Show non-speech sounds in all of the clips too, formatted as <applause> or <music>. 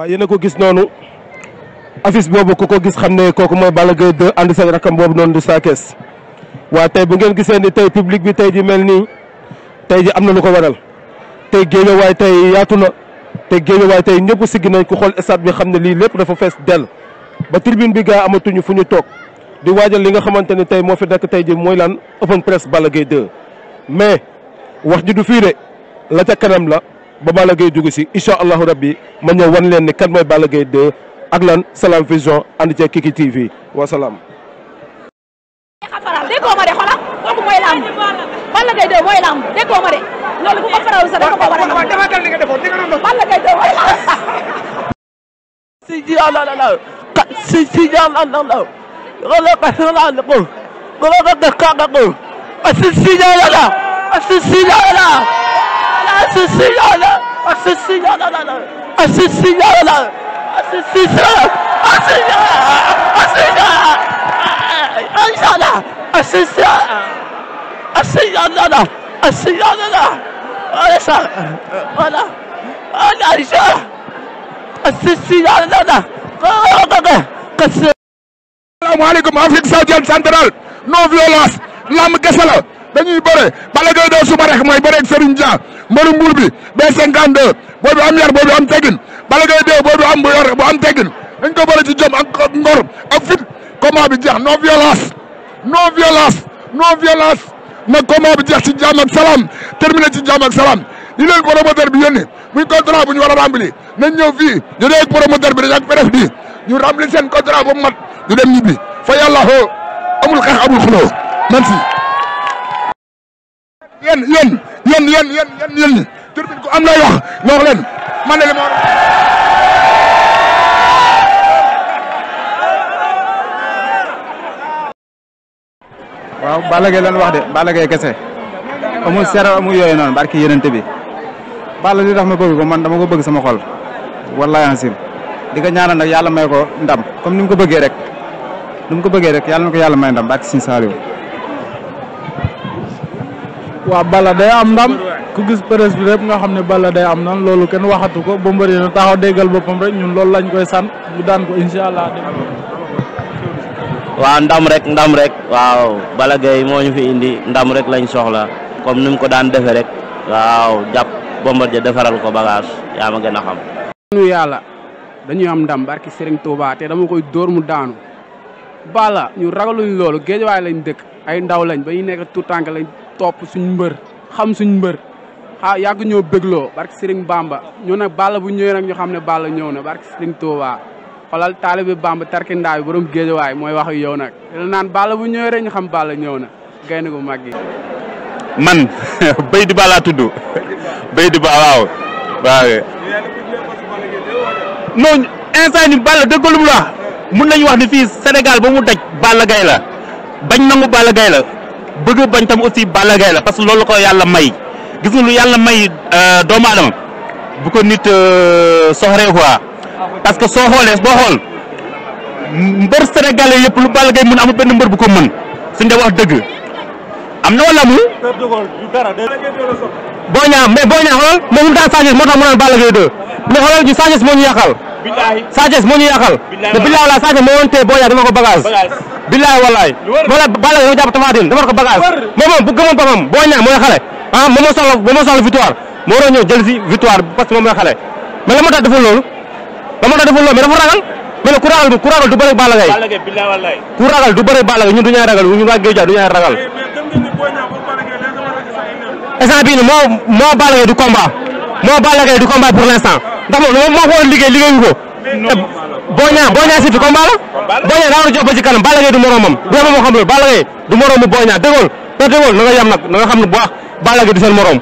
waa yéen a ko gis noonu affiche boobu ku ko gis xam ne kooku mooy Balla Gaye 2 ànd seen rakam boobu noonu du Sa Thiès waaye tey bu ngeen gisee ni tey public bi tey ji mel nii tey ji am na lu ko waral tey géejawaay tey yaatu na tey géejawaay tey ñëpp siggi nañ ku xool stade bi xam ne lii lépp dafa fees dell ba tribune bi gaa amatuñu fu ñu toog di waajal li nga xamante ni tey moo fi nekk tey ji mooy lan open press Balla Gaye 2 mais wax ji du fii de la la ba Balla Gaye dugg si allahu rabbi ma ñëw wan leen ni kan mooy Balla Gaye 2 ak lan Salam Vision ànd ci Kiki TV wa salaam. déggoo de xoolal mooy lamb Balla Gaye 2 mooy lamb déggoo de loolu ku ko sa da ko war a am ka sa la la ka ka ka ko assassinato, assassinato, assassinato, assassinato, assassinato, assassinato, assassinato, olha só, olha, olha só, assassinato, asalaamaaleykum Afrique Saoudienne centrale non violence lamb gese la dañuy bëre Balla Gaye doo suba rek mooy bëreeg Serigne Dia mbëru mbuur bi B52 boo bi am yar boo bi am teggin Balla Gaye 2 boo bi am bu yar bu am teggin dañ ko bëri ci jom ak ngor ak fit combat bi jeex non violence non violence non violence nag bi jeex ci jàmm ak salaam terminé ci jàmm ak salaam li leen promoteur bi yónni muy contrat bu ñu war a rempli nañ ñëw fii ñu dee ak promoteur bi dañ ak pref ñu rempli seen contrat ba mu mat ñu dem ñibbi fa yàlla amul xeex amul xuloo merci yéen yéen yéen yéen yéen yéen yéen turbine am lay wax nga wax leen man de li ma war waaw Balla Gaye wax de Balla Gaye kese amul sero amul yooyu noonu barki yenente bi Balla li tax ma bëgg ko man dama ko bëgg sama xol wallaay ansim di ko ñaanal nag yàlla may ko ndam comme ni mu ko bëggee rek ni mu ko bëggee rek yàlla na ko yàlla may ndam barki sin saaliwu waaw bala day am ndam ku gis presse bi rek nga xam ne bala day am ndam loolu kenn waxatu ko Bombardier na taxaw déggal boppam rek ñun loolu lañ koy sant ñu daan ko allah. waaw ndam rek ndam rek waaw Balla Gaye moo ñu fi indi ndam rek lañ soxla kom ni ko daan defee rek waaw jàpp Bombardier defaral ko bagage yaa ma gën a xam. ñu yàlla dañuy am ndam barki Serigne Touba te dama koy dóor mu daanu Balla ñu ragaluñ loolu géej waay lañ dëkk ay ndaw lañ ba ñu nekk tout tànk lañ. topp suñ mbër xam suñ mbër xa yàgg ñoo bégloo barke Serigne Bamba ñu ne Balla bu ñëwee nag ñu xam ne Balla ñëw na barke Serigne Touba xolal taalibe Bamba tarkindaa bi borom waaye mooy wax yow nag la naan Balla bu ñëwee rek ñu xam Balla ñëw na gaynde gu mag man <laughs> béy di balaa tudd béy ba waaw waaw non instant ni Balla dëggalum la mun nañu wax ni fii senegal ba mu daj Balla Gaye la bañ nangu Balla Gaye la bëgg bañ tam aussi Balla la parce que loolu ko yàlla may gis nga lu yàlla may euh, doomu bu ko nit euh, soxree quoi parce que soo xoolee boo xool mbër sénégalais yëpp lu Balla Gaye mën amul benn mbër bu ko mën suñ de wax dëgg am na wala amul. boo ñaa boo ñaa xoolal moom mu daan Sa moo tax mu naan Balla Gaye 2 mais xoolal ji Sa moo ñu yàqal. Sa Thiès moo ñu yàqal te billaay walaay Sa Thiès moo woon tey boo yaa dama ko bagage billaay walaay wala Balla dama jàpp Tapha Tine dama ko bagage moom bu gëmoon boppam boo ñaa mooy xale ah moom moo soxla moom moo soxla victoire moo war a ñëw jël victoire parce que moom mooy la moo tax deful loolu la moo tax deful loolu mais dafa ragal mais nag ku ragal bu ku ragal du bëri Balla Gaye ku ragal du bëri Balla Gaye ñun du ñaay ragal ñun waa ragal instant moo moo du combat ndax moom moo ko war a liggéey liggéeyu ko. boo ñaa boo ñaa surtout combat daa war a jox ba ci kanam Balla Gaye du moromam. boo ma xam loolu Balla Gaye du moromu boo ñaa déggool te déggool na nga nag na xam ne bu baax Balla Gaye du seen morom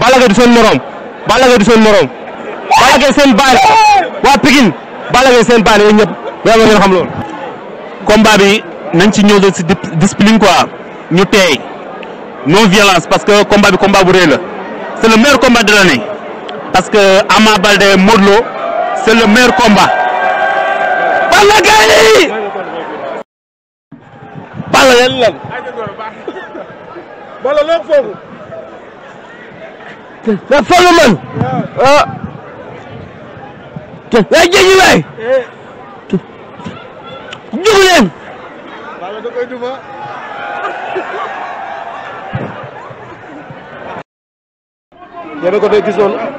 Balla Gaye du seen morom Balla Gaye du seen morom Balla Gaye seen baay la waa Pikine Balla Gaye seen baay la ñëpp yàlla ngeen xam loolu. combat bi nañ ci ñëw si discipline quoi ñu teey non violence parce que combat bi combat bu la c'est parce que Ama Baldé Modou Lô c'est le meilleur combat Balla Gaye Balla leen lan Balla loo foofu da folu man ah te la jëji waay jugu leen Balla da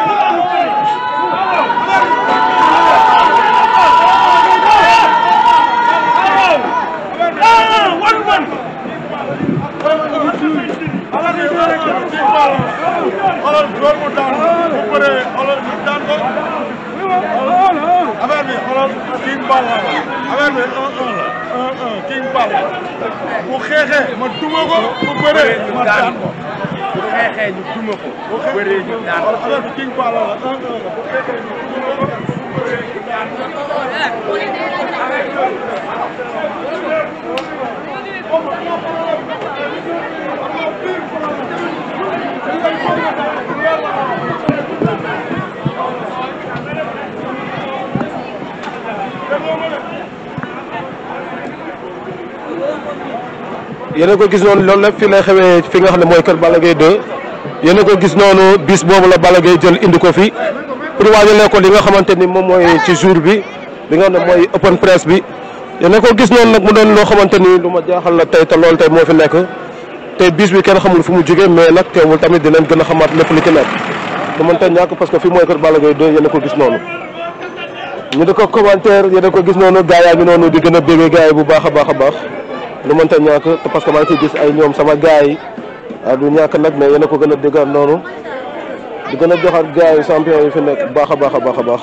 normal xoolal door mu daan bu bëree xoolal ñu daan ko affaire bi xoolal King Balla affaire bi King Balla bu xeexee ma duma ko bu bëree ma daan ko bu xeexee ñu duma ko bu bëree ñu daan ko affaire bi King Balla la bu xeexee ñu duma ko bu bëree ñu daan ko yéen a gis noonu lool nag fii lay xewee fi nga xam ne mooy kër Balla Gaye yenn yéen ko gis noonu bis boobu la Balla Gaye jël indi ko fi pour waajalee ko li nga xamante ni moom mooy ci jour bi li nga xam ne mooy open press bi yéen koo gis noonu nag mu doon loo xamante ni lu ma jaaxal la tey te loolu tey moo fi nekk. tey bis bi kenn xamul fu mu jógee mais nag teewul tamit dinañ gën a xamaat lépp li ci nekk du mën ñàkk parce que fi mooy kër Balla Gaye 2 a ko gis noonu ñu di ko commentaire yéen a ko gis noonu gaa yaa ngi noonu di gën a bégee gaa yi bu baax a baax a baax lu mënta ñàkk parce que maa ngi ciy gis ay ñoom sama gaa a ah, du ñàkk nag mais yéen a ko gën a déggaat noonu du gën a joxaat gaa yi yi fi nekk baax a baax a baax a baax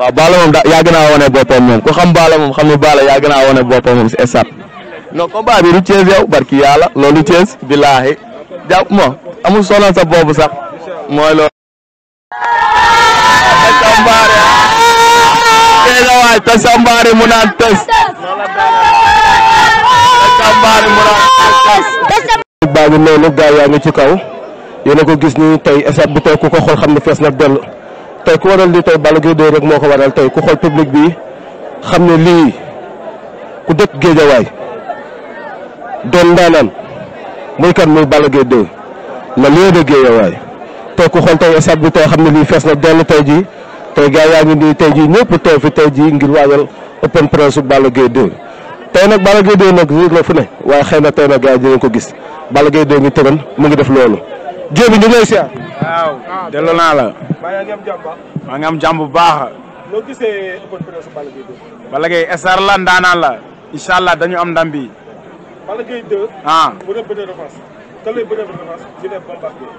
waaw Balla moom da yàgg naa wane boppam moom ku xam Balla moom xam ne Balla yàgg naa wane boppam moom si estat non combat bi du Thiès barki yàlla loolu Thiès billaahi jàpp ma amul sonal sa boobu sax mooy loolu. tasambaare tey la mu naan tës tasambaare mu naan tës. baa ngi noonu gaa yaa ngi ci kaw ko ko xool xam ne fees na dell. tey ku waral li tey Balla Gaye 2 rek moo ko waral tey ku xool public bi xam ne lii ku dëkk géejawaay doon ndaanaan muy kan muy Balla Gaye 2 la lieu de géejawaay tey ku xool tey stade bi tey xam ne lii fees na dell tey jii tey gaa yaa ngi nii tey jii ñëpp teew fi tey jii ngir waajal open press su Balla Gaye 2 tey nag Balla Gaye 2 nag riir la fu ne waaye xëy na tey nag gaa dinañ ko gis Balla Gaye 2 ngi tëral mu ngi def loolu Diop ñu ngi lay siyaar. waaw delloo naa la. maa ngi am jàmm baax. maa ngi am jàmm bu baax. noo gisee open press Balla Gaye 2. Balla Gaye estar la ndaanaan la. incha allah dañu am ndam bi. Balla Gaye 2. ah bu dee bëri revanche. kan lay bëri revanche ñu ne Bombardier.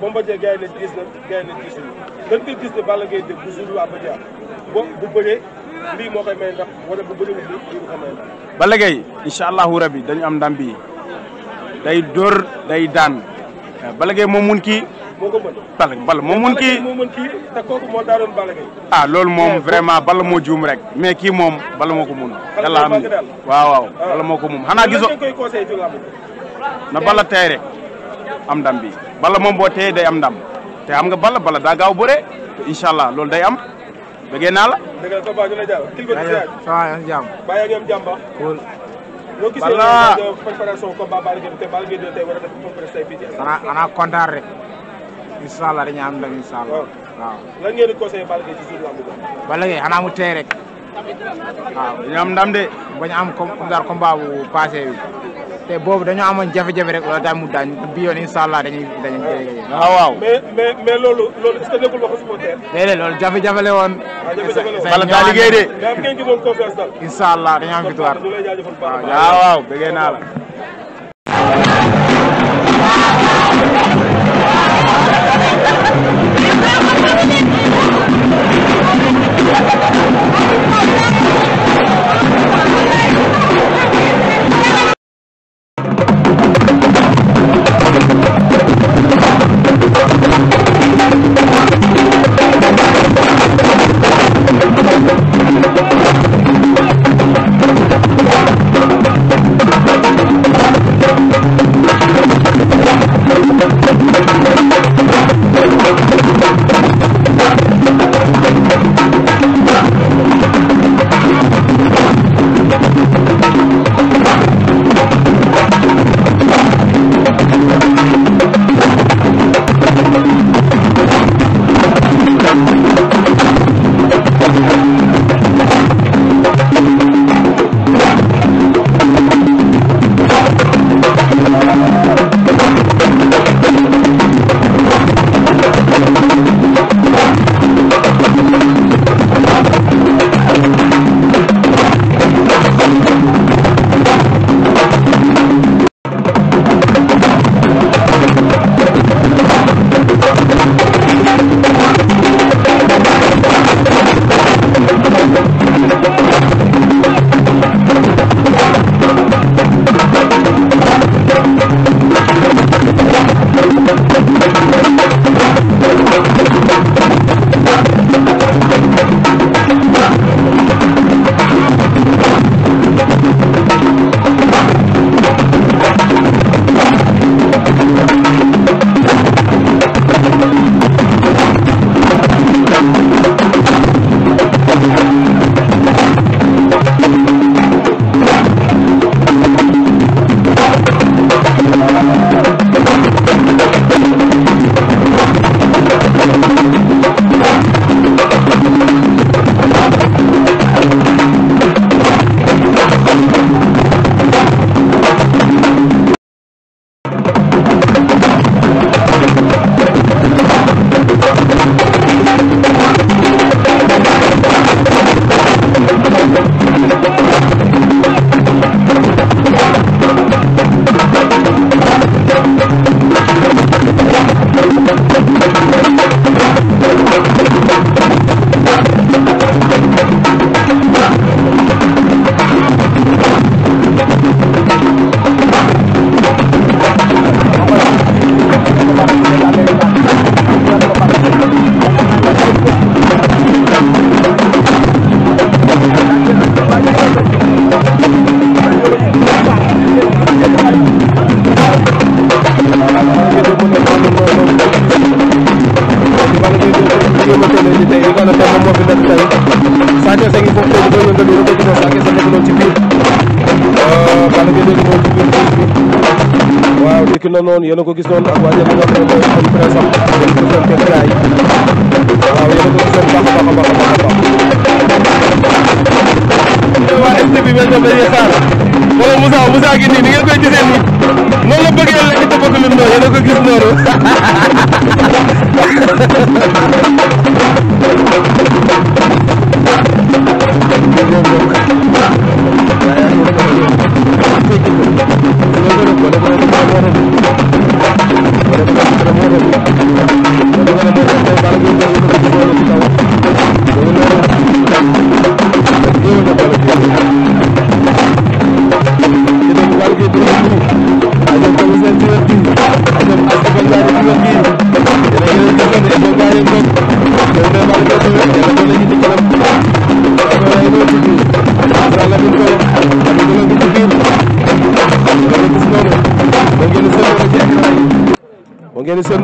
Bombardier gars yi nañ gis nañ gars yi nañ gis nañ. dañ koy gis ne Balla Gaye 2 bu jour waa Badia. boo bu bëree lii moo koy may ndax wala bu bëri lii lii moo koy may ndax. Balla Gaye incha allahu rabi dañu am ndam bi day dóor day daan. Eh, Balla Gaye moo mun ki moo ko mun kii te kooku ah, loolu moom eh, vraiment bala moo juum rek mais kii moom bala moo ko mun. yàlla waaw waaw ah. Balla moo ko mun xanaa giso na bala tey am ndam bi bala moom boo tey day am ndam te am nga bala bala daa gaaw bëre incha allah loolu day am bëggee naa la. noo gisee préparation combat Balla Gaye te Balla a def open press tey fii ci. xanaa xanaa kontaan rek. incha allah dañuy am ndam incha allah oh. waaw. mu tey rek. waaw dañoo am ndam de bañ am comme daal combat bu passé bi te boobu dañoo amoon jafe-jafe rek loolu daal mu dañ bi yoon incha ah, loolu loolu est-ce que nekkul waxu supporter. jafe-jafe la woon. Ah, wala daa liggéey de. mais am am victoire ah, waaw waaw bëggee naa la. seen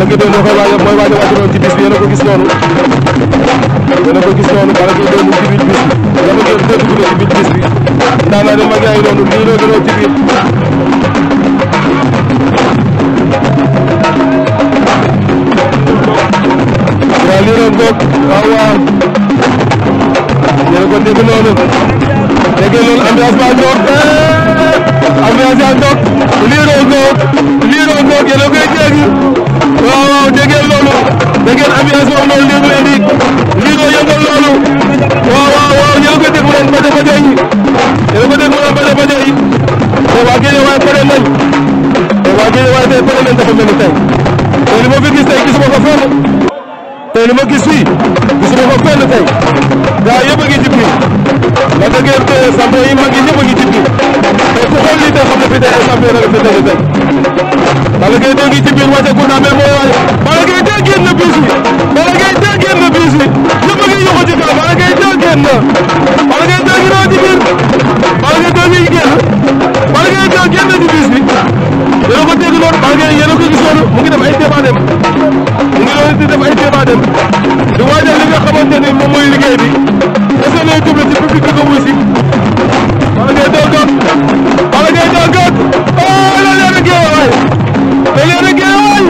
Balla Gaye 2 moo koy waaj mooy waaj a wàcc noonu ci bis bi yéen a ko gis noonu yéen a ko gis noonu Balla Gaye 2 mu ci biir bis bi yéen a ko dégg dugg ci biir bis bi ndaa naa ne mag yaa ngi noonu lii la gënoo ci biir waaw lii doon boog waaw waaw yéen a ko dégg noonu dégg noonu ambiance baa ndox ambiance yaa ndox lii doon boog lii doon boog yéen a koy dégg waaw waaw dégg loolu dégg ngeen ambiance boobu noonu lii mooy indi yëngal loolu waaw waaw waaw ñoo ngi ko déglu ren bëte bëte yi ñoo waa pare nañ te waa Guèye waaye tey pare nañ dafa mel ni tey te ma fi gis tey gisuma ko fenn te li ma gis fii gisuma ko fenn tey gaa yëpp a ngi ci biir la da ngeen te champion yi mag yi ñëpp a ngi ci biir tey ku xool lii te xam ne fi tey ay champion rek fi tey tey Balla Gaye dee ngi ci biir wàcce ku naa mais mooy waaye Balla Gaye dee génn na biis bi Balla Gaye dee génn na biis bi ñëpp a ngi yoxo ci kaw Balla Gaye dee génn na Balla Gaye dee ngi ci biir Balla Gaye dee ngi génn Balla Gaye dee génn na ci biis bi yéen a ko dégg noonu Balla Gaye yéen a ko gis noonu mu ngi def ay débat dem mu ngi doon di def ay débat dem di waajal li nga xamante ni moom mooy liggéey bi Tyson lay doublé ci public bi ko wuy si Balla Gaye doo gàtt Balla Gaye doo gàtt oh la leer a géewaay la leer a géewaay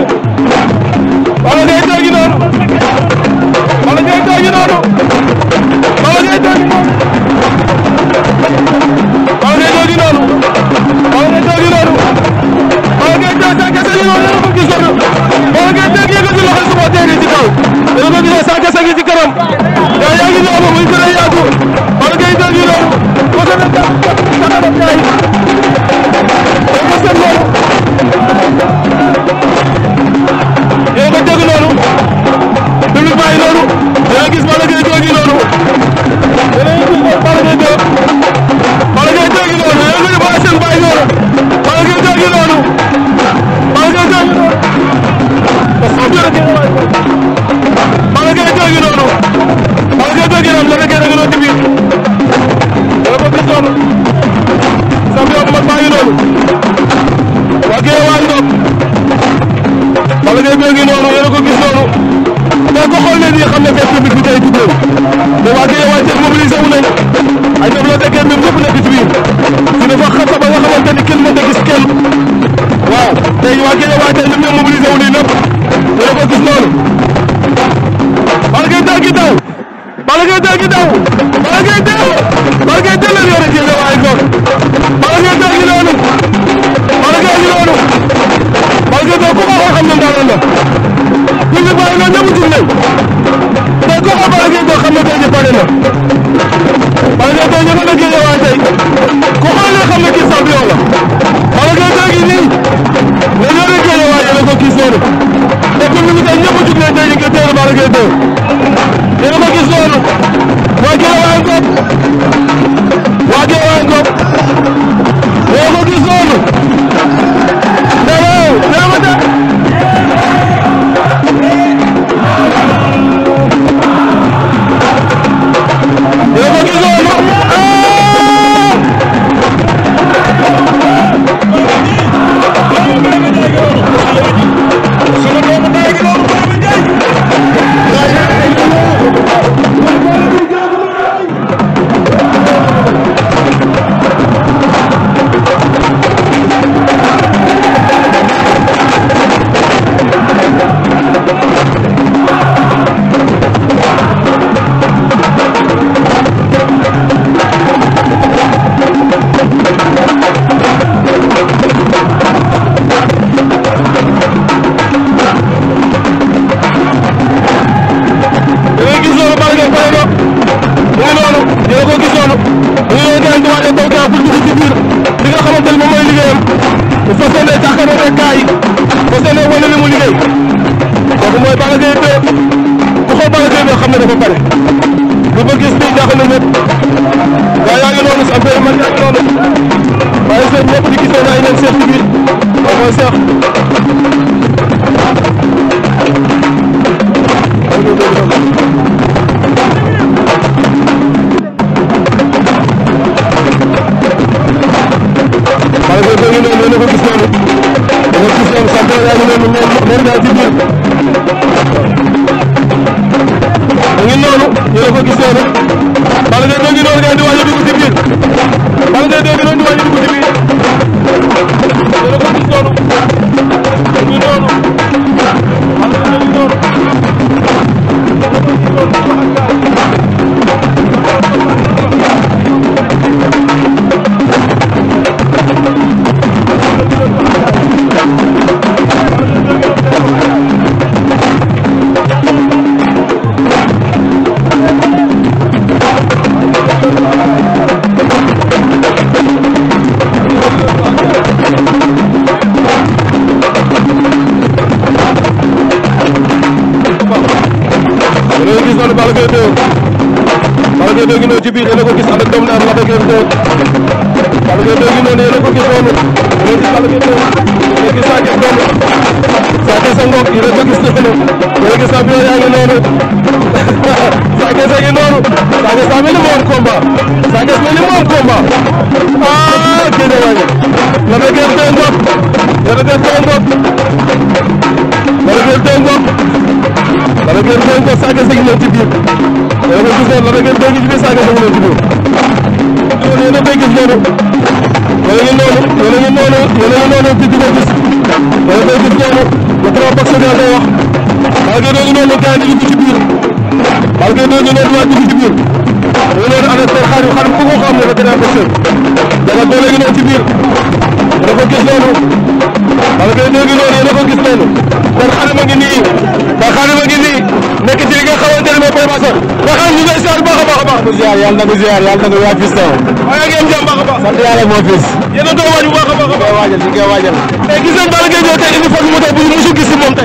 na ko ziar yàlla na ko waaj fis taw. waaye a baax. a doon waaj bu a baax a baax. waajal ñu koy waajal. mais eh, gis nañ Balla Gaye na ñu ngi lay jaajëfal. nga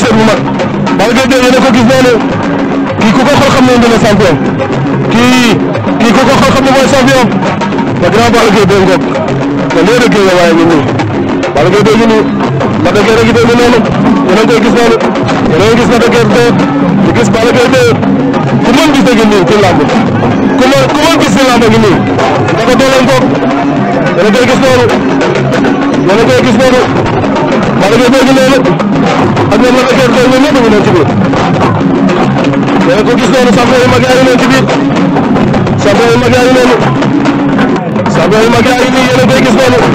xamante ne ko gis noonu kii ku ko xool kii kii ko ko xam ne mooy saf yoon le grand Balla Gaye dégg nga te léegi nag géej waaye ñu nii Balla Gaye dégg nii ma dëggee rek itam noonu yéen a ngi koy gis noonu yéen a ngi gis ma dëggee tey ñu gis Balla Gaye dégg ku mën gis dëgg nii ci làmb ku mën ku mën gis ci làmb gi nii dafa dooleem ko yéen a koy gis noonu yéen a koy gis noonu Balla Gaye dégg noonu ak ñoom ma dëggee tey ñoom ñëpp ñu doon ci biir yéen a ko gis noonu sax ñoom ma gars yi doon ci biir. Sabaye mag yaa ngi noonu Sabaye mag yaa ngi nii yéen a koy gis noonu yéen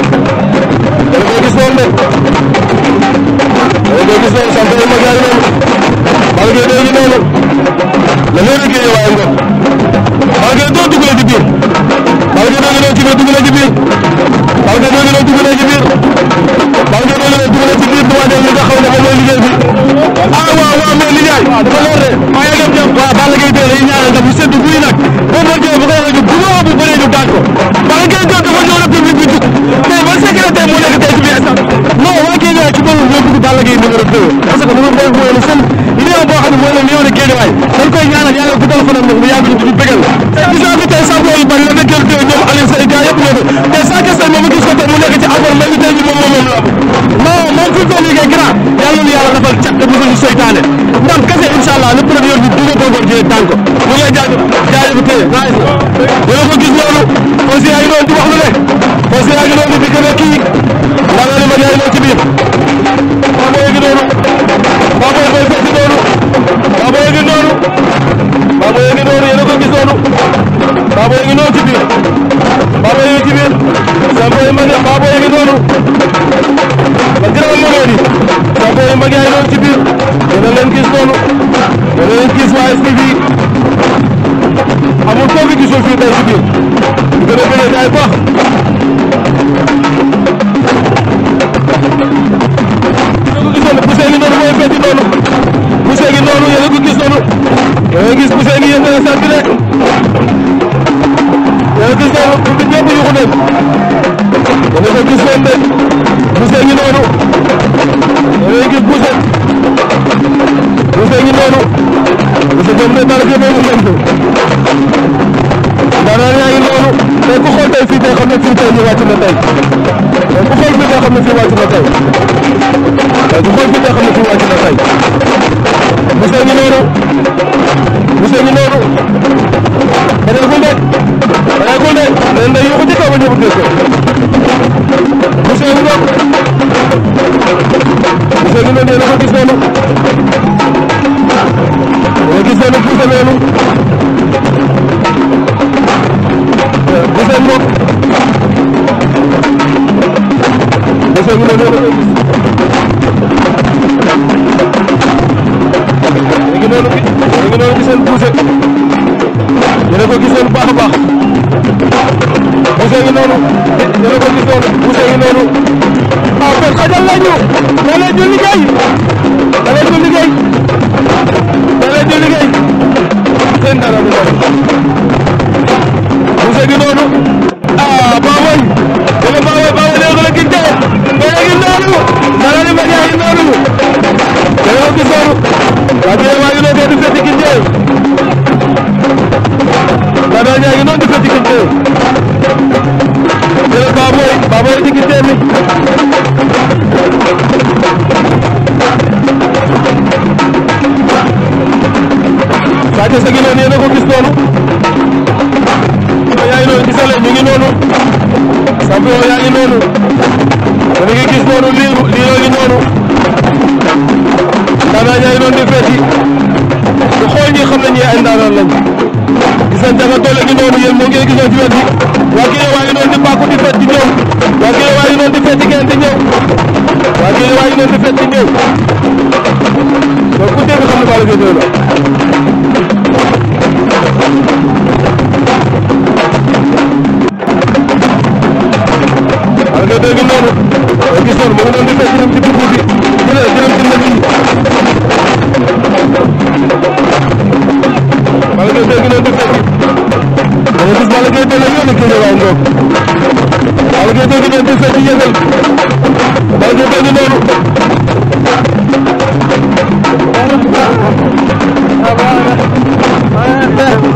a koy gis noonu de yéen a koy gis noonu Sabaye mag yaa ngi noonu Balla Gaye doo ngi noonu la léegi waaye nga Balla Gaye doo dugg la ci biir Balla Gaye doon na dugg na ci biir Balla Gaye doon na dugg na ci biir Balla Gaye doon na dugg na ci biir bu ma dem li nga xam ne dafa doon liggéey bi ah waaw waaw mais li jaay dafa leer de maa ngi dem jàmm waaw Balla Gaye doon nañu ñaanal ndam bu sedd buy nag boo ko jëlee bu ko waxee ñu bu ma woo bu bëree ñu daan ko Balla Gaye doon dafa ñëw na public bi jug mais ban secrétaire moo nekk tey ci biir instant non waa Guédiawaye ci boobu ñoo bëgg Balla Gaye numéro 2 parce que champion boo xam ne mooy le meilleur de Guédiawaye dañ koy ñaanal yàlla guddal fanam nag mu yàgg di ñu bëggal gis naa fi tey champion yu bari la nekk kër ñoom Aliou Seye gars yëpp ñoo fi tey saa kese moom gis ko tey mu nekk ci affaire mel ni tey jii moom moom moom non moom fi mu toll nii kay grand yàlla na yàlla defal cat te mosul ñu seytaane ndam kese incha allah lépp Boucher yéen a ko gisee lu baax a baax Boucher ngi noonu yéen a ko gis noonu Boucher ngi noonu waaw ah, kon xajal la ñu da leen ñu liggéey da leen ñu liggéey da leen ñu liggéey seen dara bu noonu Boucher ngi noonu ah Baboy yéen a Baboy Baboy da nga ko la gis tey da nga gis noonu da nga gis noonu da nga gis noonu waa Guèye waa Guèye kay di fëtti ki njëy Dada Ndiaye noonu di fëtti ki njëy jël Sa Thiès gi noonu a ko gis noonu yaa noonu gisale ñu ngi noonu champion yaa ngi noonu da nga noonu lii lii ngi noonu gaañaa ngi doon di feeti ku xool ñi xam ne ñii ay ndaanaan lañ gis nañ dafa doole gi noonu yéen moo ngi leen gisoo ci wet gi waa Guèye waa ngi doon di bàkku di feet di ñëw waa Guèye waa ngi doon di feet di ngeen di ñëw waa Guèye waa ngi doon di feet di ñëw kon ku dégg xam ne Balla Gaye doy la Balla Gaye doy gi noonu gis noonu moo ngi doon di feet jërëm ci dugub bi jërëm jërëm ci ndënd yi Balla Gaye dégg na def équipe da nga gis Balla Gaye dégg na yónni kii waaw ngoog Balla Gaye dégg na def ci yëngal Balla Gaye dégg noonu Balla Gaye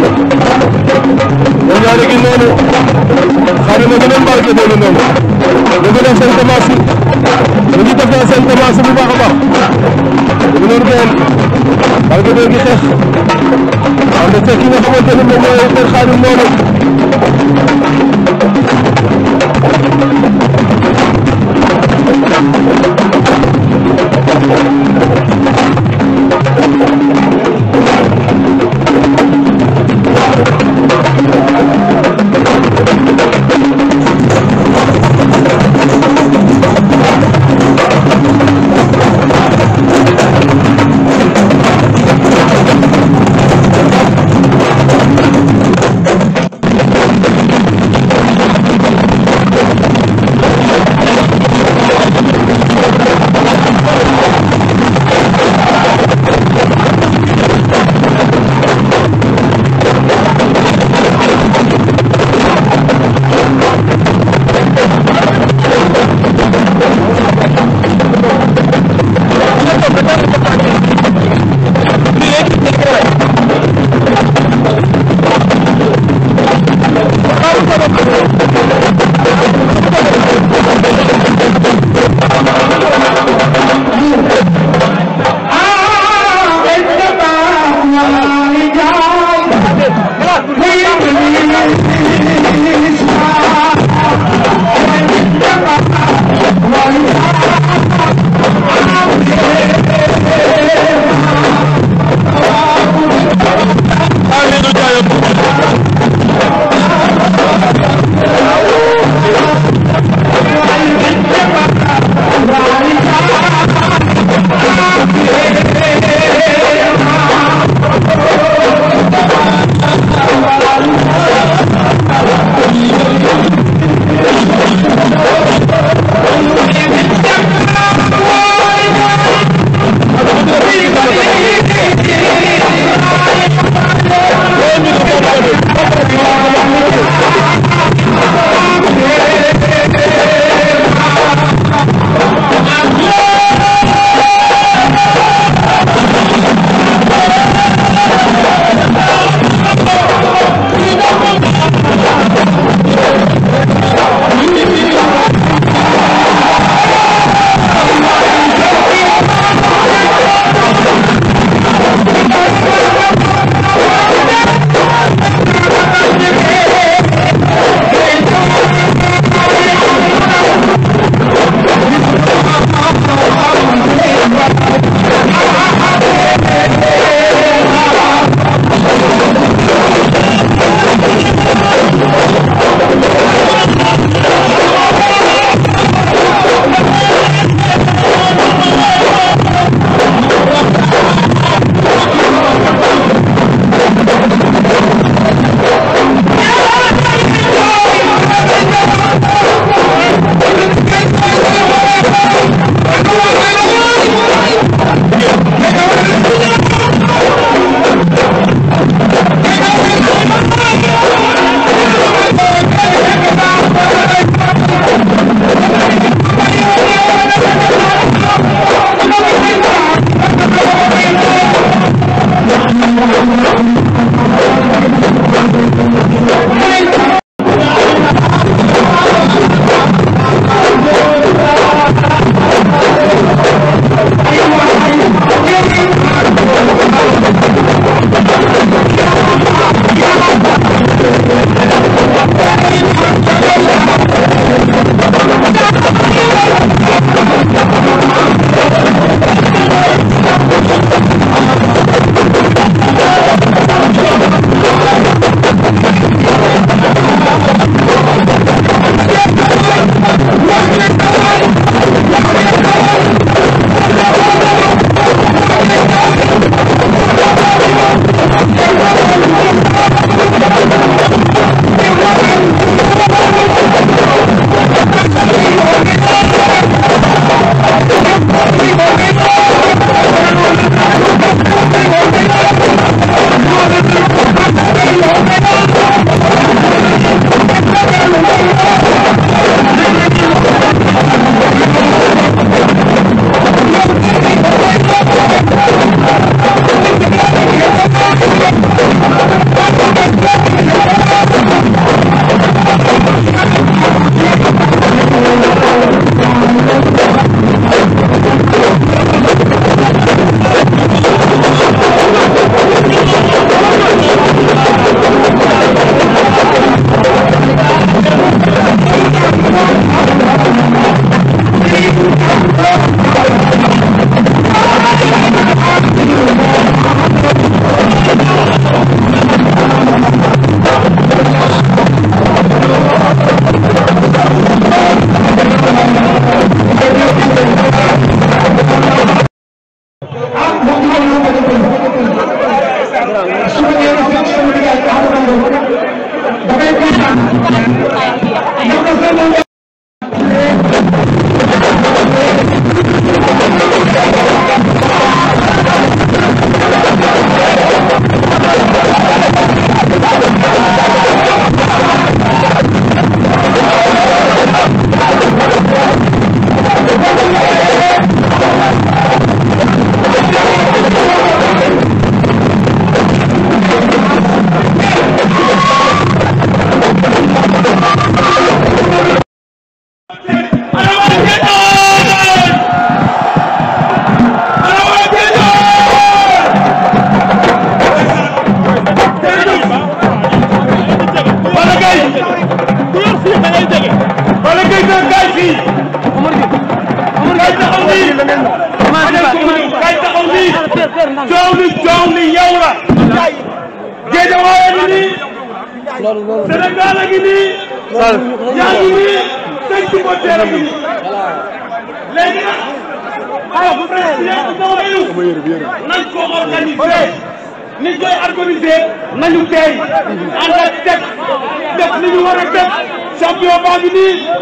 ñoom ñaari gi noonu xaaral na gën a mbarke doonu noonu ñu ngi def seen commencé ñu bu baax a noonu benn mbarke doon gi xeex noonu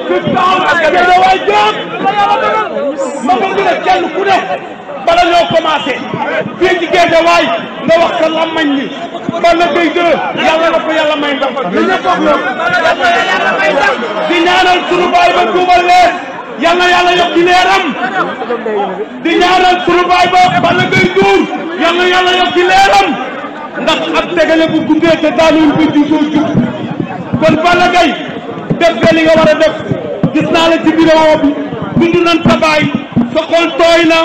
Géejawaay jëm ma bëgg na kenn ku ne bala ñoo commencé fii ci Géejawaay nga wax sa làmmañ ni Balla Gaye 2 yàlla na ko yàlla may ndam di ñaanal sunu ba tuubal lees yàlla yàlla yokki leeram di ñaanal sunu ba Balla Gaye duur yàlla yàlla yokki leeram ndax ab tegale bu guddee te daanuwul ba juusoo jub kon Balla Gaye def li nga war a def gis naa la ci vidéo bi bindu nan sa baay sa xol tooy na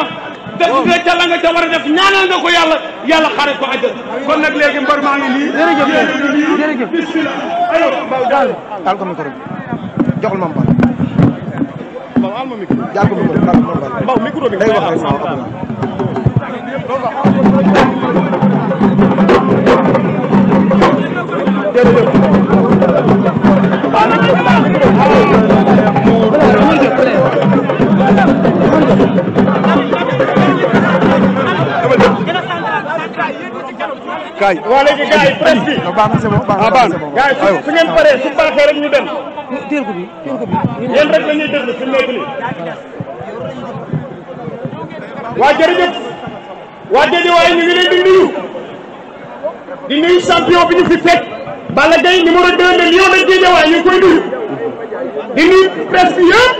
def oh. nga ca la nga ca war a def ñaanal nga ko yàlla yàlla xare ko ajal kon nag léegi mbar maa ngi nii jërëjëf jërëjëf bismillah ayo taal ko micro bi joxul ma mbal mbaw alma micro jaar ko micro taal ko mbal mbaw micro bi day wax rek sama xam naa jërëjëf kaay waa léegi gars yi presse bi. baax na c'est bon baax na ah, c'est bon su ngeen paree su baaxee rek ñu dem. teel ko bi teel ko bi. yéen rek la ñuy déglu fi mu nekk nii. waa jërëjëf. waa Guédiawaye ñu ngi leen di nuyu. di nuyu champion bi ñu fi fekk. Balla Gaye numéro 2 le lion de Guédiawaye ñu di nuyu presse bi yëpp.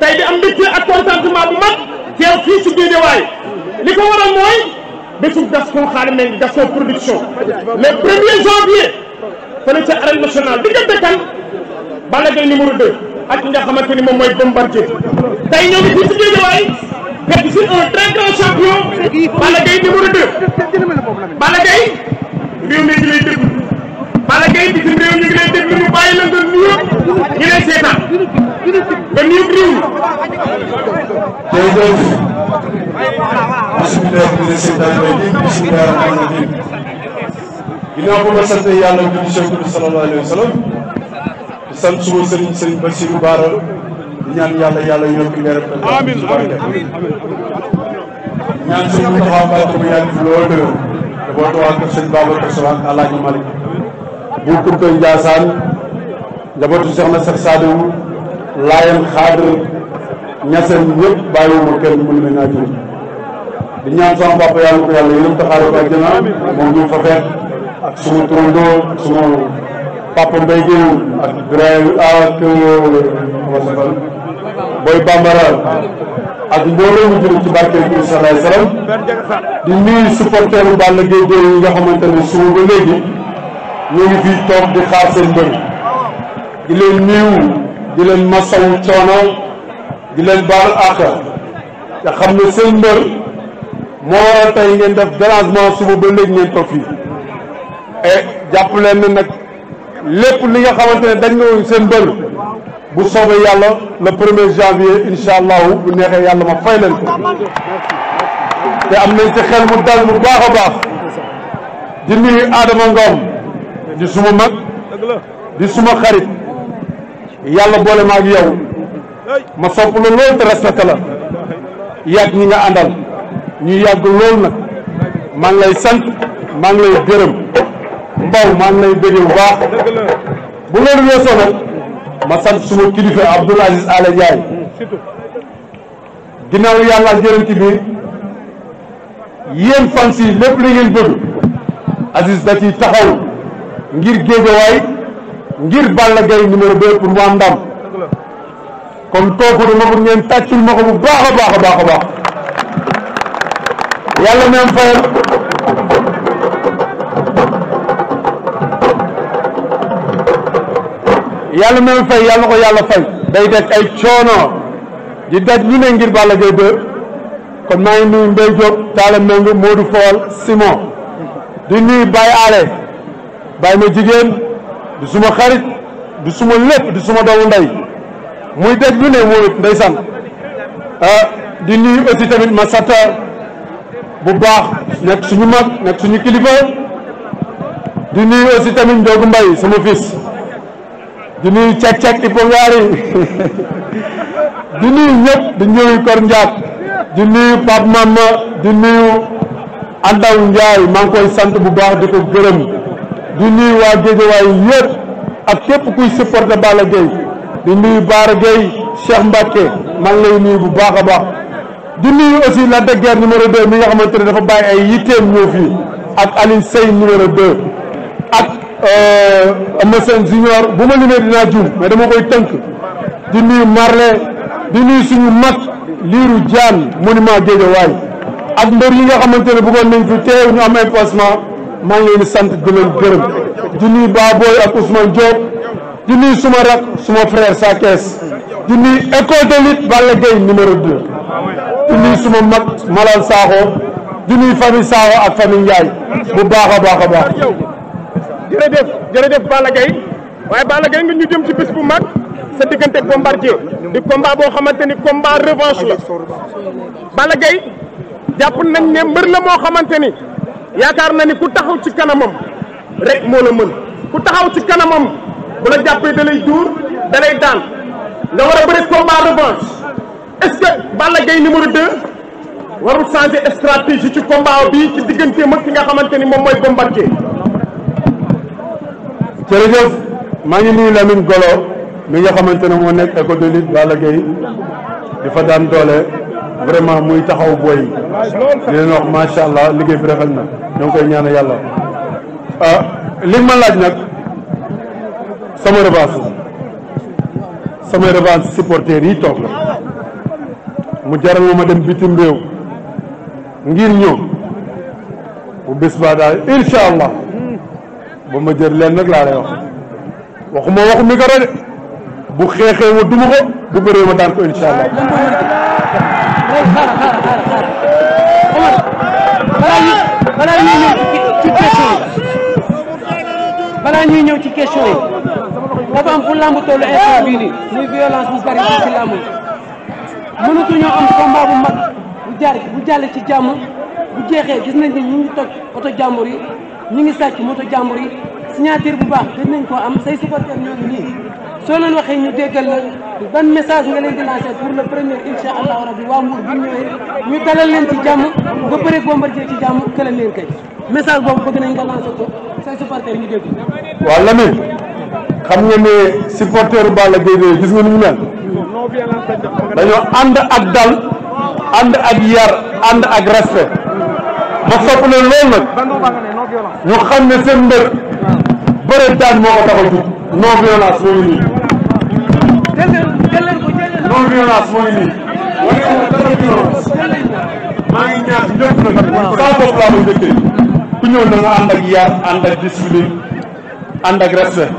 tey di am mbégte ak contentement bu mag teew fii si Guédiawaye li ko waral mooy bésub Gaston xaalim nañ Gaston production le premier janvier fële ca arène nationale diggante kan Balla Gaye numéro ak nga xamante ni moom mooy Bombardier tey ñoo ngi fii si Guédiawaye fekk si un très grand champion Balla Gaye numéro 2 Balla Gaye réew mi ngi lay ngay bitim réew ñu ngi lay déglu ñu bàyyi la nga nuyoo ñu lay seetaan ba nuyu réew mi. jërëjëf bisimilah bi la seetaan rajim bisimilah rahmaan rahim ginnaaw ba ma sant yàlla bi Cheikh bi sallallahu alayhi wa sallam di sant suma sëriñ sëriñ Bassirou Bara di ñaan yàlla yàlla yokk leeram amiin amiin ñaan sëriñ Moustapha Mbacke mu yàgg fi loolu dëgër dafa toog ak sëriñ Babacar Sow ak Alaaji Malick bu Kumpe Njaasaan njabootu soxna sax Sadio Laayeen Xaadir Ñaseen ñëpp bàyyiwuma kenn mu ne naa jur di ñaan sama papa yàlla ko yàlla yërëm taxaare ko àjjana moom ñu fa ak suma turandoo suma papa Mbay Géew ak Birahim ak wasafal euh, Boy ci barke bi sallallahu alayhi wa di nuyu supporteru Balla Gaye yi nga xamante ne suma ba léegi ñu ngi fii toog di xaar seen mbër di leen nuyu di leen masawu coono di leen baal àq te xam ne seen mbër moo waral tey ngeen def dérangement suba ba léegi ngeen toog fii et leen ne nag lépp li nga xamante ne dañ nga seen mbër bu soobee yàlla le premier janvier incha allahu bu neexee yàlla ma fay leen te am nañ ci xel mu dal mu baax a baax di nuyu Adama Ngom di suma mag di suma xarit yàlla boole ma ak yow ma sopp la lool te respecté la yàgg ñi nga àndal ñu yàgg lool nag maa lay sant maa ngi lay gërëm mbaw maa ngi lay bëgg bu bu loolu weesoo ma sant suma kilifa Abdoul Aziz Ala Ndiaye ginnaaw yàlla ak yonent bi yéen fans yi lépp Aziz da ciy ngir géejawaay ngir Balla Gaye numéro 2 pour mu am ndam kon kooku dama bëgg ngeen ko bu baax a baax baax a baax yàlla na am fay yàlla ko yàlla fay day daj ay coono di daj lu ne ngir Balla Gaye 2 kon maa ngi nuyu Mbaye Diop Talla Mbengue Modou Fall Simon di nuyu Baye Ale bàyyi ma jigéen du suma xarit du suma lépp du suma doomu nday muy daj lu ne wóorut ndeysaan ah di nuyu aussi tamit ma sata bu baax nekk suñu mag nekk suñu kilifa di nuyu aussi tamit Ndiogu Mbaye sama fils di nuyu cek cek i pongaari <laughs> di nuyu ñëpp di nuyu Kor Ndiak di nuyu Pape Mama di nuyu Andaw Ndiaye maa ngi koy sant bu baax di ko gërëm di nuyu waa Géejawaay yëpp ak képp kuy supporter Balla Gaye di nuyu Baara Gaye Cheikh Mbacke maa ngi lay nuyu bu baax a baax di nuyu aussi Lac de numéro 2 mi nga xamante ne dafa bàyyi ay yitteem ñëw fii ak Alioune Seye numéro 2 ak euh, Eumeu Sène junior bu ma limee dinaa juum mais dama koy tënk di nuyu Marley di nuyu suñu mag Lirou Diane monument Géejawaay ak mbër yi nga xamante ne bëggoon nañ fi teew ñu am ay maa ngi sant di leen gërëm di nuyu ak Ousmane Diop di suma rak suma frère Sakès di nuyu école de lutte Balla Gaye numéro 2 di nuyu suma mag Malal Sakho di famille Sakho ak famille Ndiaye bu baax a baax a baax. jërëjëf jërëjëf waaye Balla Gaye nga ñu jëm ci bis bu mag sa diggante bombardier di combat boo xamante ni combat revanche la Balla Gaye jàpp nañ ne mbër la moo xamante ni. yaakaar na ni ku taxaw ci kanamam rek moo la mën ku taxaw ci kanamam bu la jàppee da lay dóor da lay daan nga war a bëri combat revanche est-ce que Balla Gaye numéro warul changer stratégie ci combat bi ci digganteem mag ki nga xamante ni moom mooy Bombardier. jërëjëf maa ngi nuyu Lamine Golo mi nga xamante ne moo nekk école de lutte Balla Gaye di daan doole. vraiment muy taxaw booy yi di leen wax macha allah liggéey bi rafet na ñoo koy ñaana yàlla. ah ma laaj nag sama revanche sama revanche supporters yi toog la mu jaral ma ma dem bitim réew ngir ñëw bu bés ba daal allah ba ma jël leen nag laa lay wax waxuma waxu mi ko de bu xeexee ma duma ko bu bëree ma daan ko incha allah. xaaral xaaral xaaral xaaral Omar balaa ñuy balaa ñuy ñëw ci question yi balaa ñuy ñëw ci question yi dafa violence bu bari ci lamb mënatuñoo am combat bu mag bu jaar bu jàll ci jàmm bu jeexee gis nañ ni ñu toj oto jàmbur yi ñu ngi sàcc moto jàmbur yi signature bu baax gën nañ ko am say supporters ñoo nii. soo leen waxee ñu déggal la message nga leen di lancé le premier incha allahu rabi waa Mbour bu ñëwee ñu dalal leen ci jàmm ba pare Bombardier ci jàmm këlal leen kay message boobu bëgg nañ nga lancé ko say supporters ñu dégg waaw Lamine xam nga ne supporter Balla Gaye gis nga ni mu mel dañoo ànd ak dal ànd ak yar ànd ak respect ma sopp leen loolu nag ñu xam ne seen bëre daan moo ko taxal tuuti non violence moo ngi nii non violence moo ngi nii ku ñëw na nga ànd ak yar ànd ak discipline ànd ak respect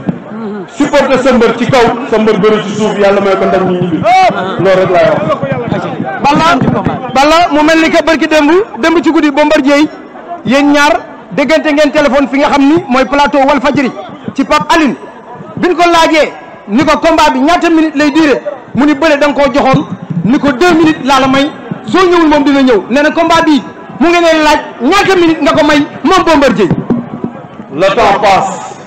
supporter sa mbër ci kaw sa mbër bëri ci suuf yàlla may ko ndam ñu ñibbi loolu rek laay wax balla mu mel ni que barki démb démb ci guddi Bombardier yi ñaar déggante ngeen téléphone fi nga xam ni mooy plateau Walfadjri ci Pape Aline bi ñu ko laajee ni ko combat bi ñaata minutes lay duré mu ni bële da nga koo joxoon ni ko deux minutes laa la may soo ñëwul moom dina ñëw nee na combat bii mu ngi leen laaj ñaata minutes nga ko may moom Bombardier. le temps passe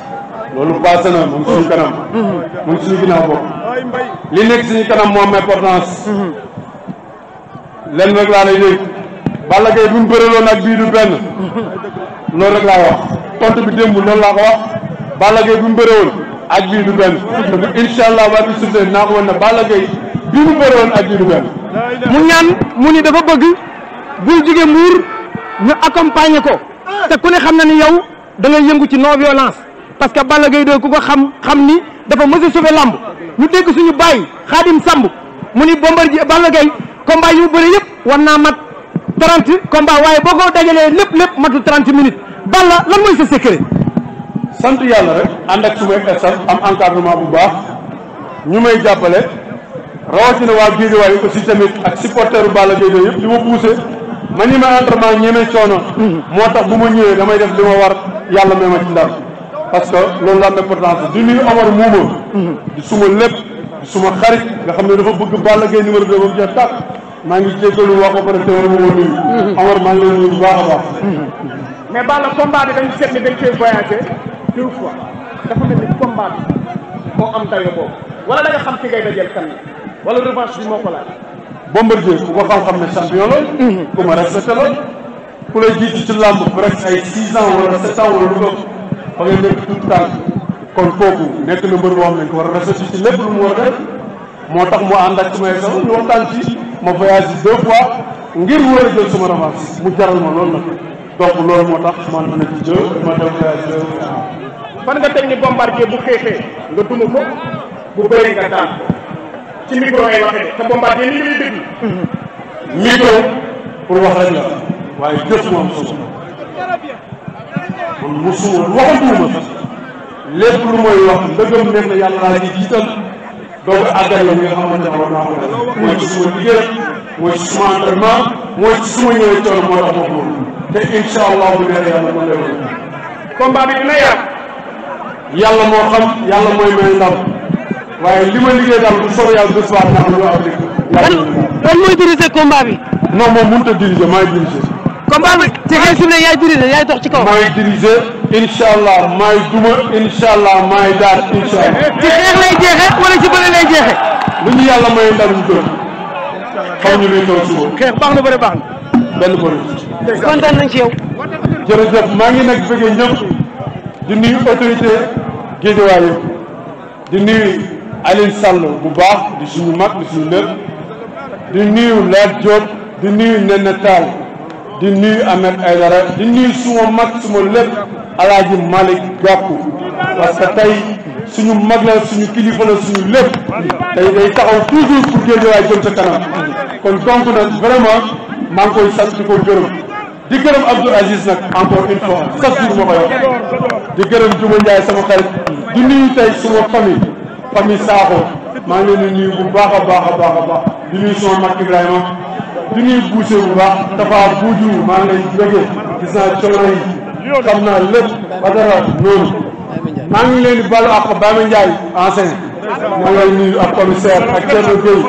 loolu passé na mu ngi suñu kanam. Mhm. mu ngi suñu ginnaaw bopp li nekk suñu kanam moo importance. Mhm. lenn rek laa lay dégg. Balla Gaye bu ñu bëreeloon bii du benn mhm. loolu rek laa tontu bi démb loolu laa ko wax Balla Gaye bu ak bii du benn incha allah war bi sufle naa ko woon na Balla bii mu bëre woon ak bii du benn mu ñaan mu ni dafa bëgg bul jóge mbuur ñu accompagner ko te ku ne xam na ni yow da ngay yëngu ci non violence parce que Balla gay doy ku ko xam xam ni dafa mës a làmb lamb ñu dégg suñu bàyyi Xaadim Samb mu ni Bombardier Balla Gaye combat yi mu bëri yëpp war naa mat 30 combat waaye boo ko dajalee lépp lépp matul 30 minutes Balla lan mooy sa secret sant yàlla rek ànd ak sumay staff am encadrement bu baax ñu may jàppale rawatina waa Guédiawaye aussi tamit ak supporteru Balla Gaye yooyu yëpp di ma poussé ma ni ma entraînement ñeme coono moo tax bu ma ñëwee damay def li ma war yàlla may ma ci parce que loolu la am importance di nuyu Omar Mouma di suma lépp di suma xarit nga xam ne dafa bëgg Balla Gaye numéro deux ba mu jeex tàkk maa ngi jéggalu wax ko ba te a ma nuyu Omar maa ngi lay nuyu bu baax a baax mais Balla combat bi dañ seet ni dañ deux fois dafa mel ni combat moo am dayo boobu wala da nga xam ki ngay dajeel kan la wala revanche bi moo ko laaj. Bombardier ku ko xam ne champion la. Mhm. ku ma respecté la. ku lay jiitu ci làmb presque ay six ans wala sept lu ko ba nga nekk tout tànk kon kooku nekk na mbër ne ko war a respecté ci lépp lu mu war a moo tax mu ànd ak sumay sama ñu waxtaan ci ma voyage deux fois ngir war a jël suma mu jaral ma loolu nag donc loolu moo tax man ma fan nga teg ni bombardier bu xeexee nga duma ko bu bëree nga daan ci micro ngay waxee te bombardier ni muy dégg. micro pour wax rek la waaye jëf moom solo man mosuma waxatuuma lépp lu mooy wax ndëgëm neex na yàlla laa ci jiital donc àggale mi nga xamante ne war naa ko def mooy ci suma liggéey mooy ci suma entraînement mooy ci suma ñëwee coono moo tax ma te incha allah bu neexee yàlla ma lay combat bi dina yàgg yàlla moo xam yàlla mooy may ndam waaye li ma liggéey daal bu soobee yàlla bés bu baax ndax lu ma am lépp. yàlla ban mooy diriger combat bi. non moom mënut a diriger maay diriger. combat bi ci xëy si ne yaay diriger yaay dox ci kaw. maay diriger incha allah maay duma incha allah maay daal incha allah. ci lay jeexee wala ci lay jeexee. lu ñu yàlla may ndam ñu doon. ñu luy taw suba. xeex baax na bëri baax na. benn bëri. kontaan nañ ci yow. jërëjëf maa ngi nag bëggee ñëpp géejewaay di nuyu Alioune Sall bu baax di suñu mag di suñu lépp di nuyu Lat Diop di nuyu Nenna di nuyu Ahmed Aïdara di nuyu suma mag suma lépp alaaji Malick Gakou parce que tey suñu mag la suñu kilifa la suñu lépp tey day taxaw toujours pour géejewaay jëm sa kanam kon donc nag vraiment maa ngi koy sant di ko gërëm di gërëm Abdou Aziz nag encore une fois chaque jour ma koy wax di gërëm Juba Ndiaye sama xarit di nuyu tey suma famille famille Sakho maa ngi leen di nuyu bu baax a baax a baax a baax di nuyu suma ma Ibrahima di nuyu buuse bu baax dafa buuju maa ngi lay jóge gis naa coono yi xam naa lépp ba dara noonu maa ngi leen di balu ak Baye Mandiaye ma ngay ak commissaire ak Thierno Gueye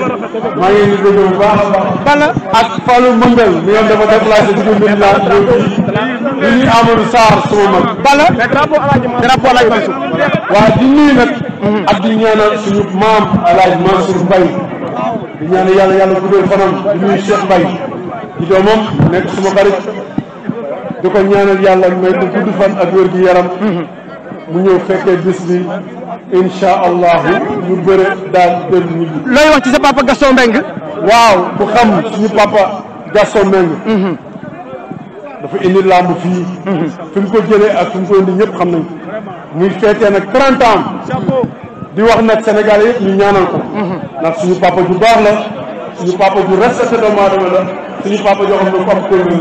maa ngi nuyu bu baax a baax ak Fallou Mbengel mi nga dafa déplacé dugub bi ñu naan ñoom ñu ngi Amadou Sarr sama mag. Balla drapeau Alaaji Mansour. waaw di nuyu nag. ak di ñaanal suñu maam Alaaji Mansour Mbaye di ñaanal yàlla yàlla guddal fanam di nuyu Cheikh Mbaye di doomam nekk suma xarit di ko ñaanal yàlla may ko gudd fan ak wér gi yaram. Mm-hmm. mu ñëw fekkee bis incha allahu ñu bëre daal dem ñu looy wax ci sa papa Gaston Mbengue waaw bu xam suñu papa Gaston Mbengue mhm. dafa indi làmb fii mhm. fi mu ko jëlee ak fi mu ko indi ñëpp xam nañ muy feetee nag trente ans di wax nag Sénégalais yëpp ñu ñaanal ko mhm. ndax suñu papa ju baax la suñu papa ju respecté doomu aadama la suñu papa joo xam ne ko am kóllëre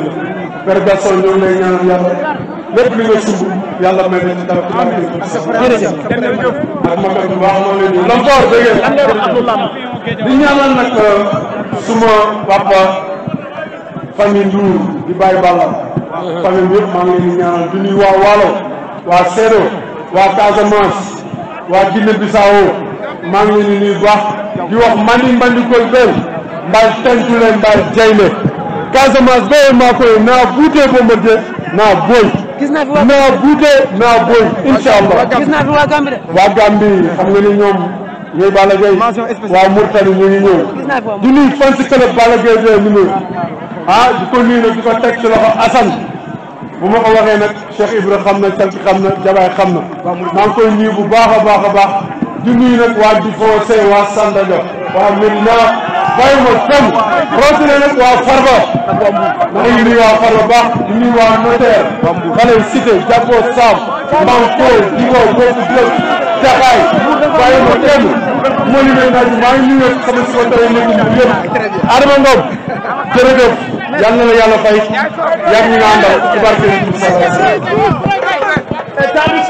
la père Gaston lay ñaanal yàlla lépp li nga sumb yàlla may na ci dara. jërëjëf jërëjëf. waaw man man bu baax maa ngi lay Lampor dégg ngeen. di ñaanal nag euh, suma papa famille Ndour di Baye Balla. famille bi yëpp maa ngi leen di ñaanal di nuyu waa Waalo waa Seedo waa Casamance waa Guinée Bissau maa ngi leen di nuyu baax di wax mani mbandikoy koy mbaal tentu leen mbaal jay le Casamance bee maa koy naa buutee Bombardier naa booy. gis naa fi waa naa buute naa booy incha allah gis naa fi waa Gambie de. xam nga ni ñoom ñooy Balla Gaye waa Mourtani ñu ngi ñëw di nuyu fan si club Balla Gaye de numéro ah di ko nuyu nag di ko teg ci loxo Assane bu ma ko waxee nag Cheikh Ibrahima xam na Salki xam na Jabaay xam na maa ngi koy nuyu bu baax a baax a baax di nuyu nag waa Dufosé waa Sandaga waa Medina bay ma dem rawatina nag waa Farba maa ngi nuyu waa Farba baax di nuyu waa notaire xale yi cité jàppoo saam man koo jigoo boobu jël jaxaay bàyyi ma dem moo li may naaj maa ngi nuyu sama supporter yi nekk ñu yëpp Adama Ngom jërëjëf yal na la yàlla fay yàgg ñu nga àndal ci barke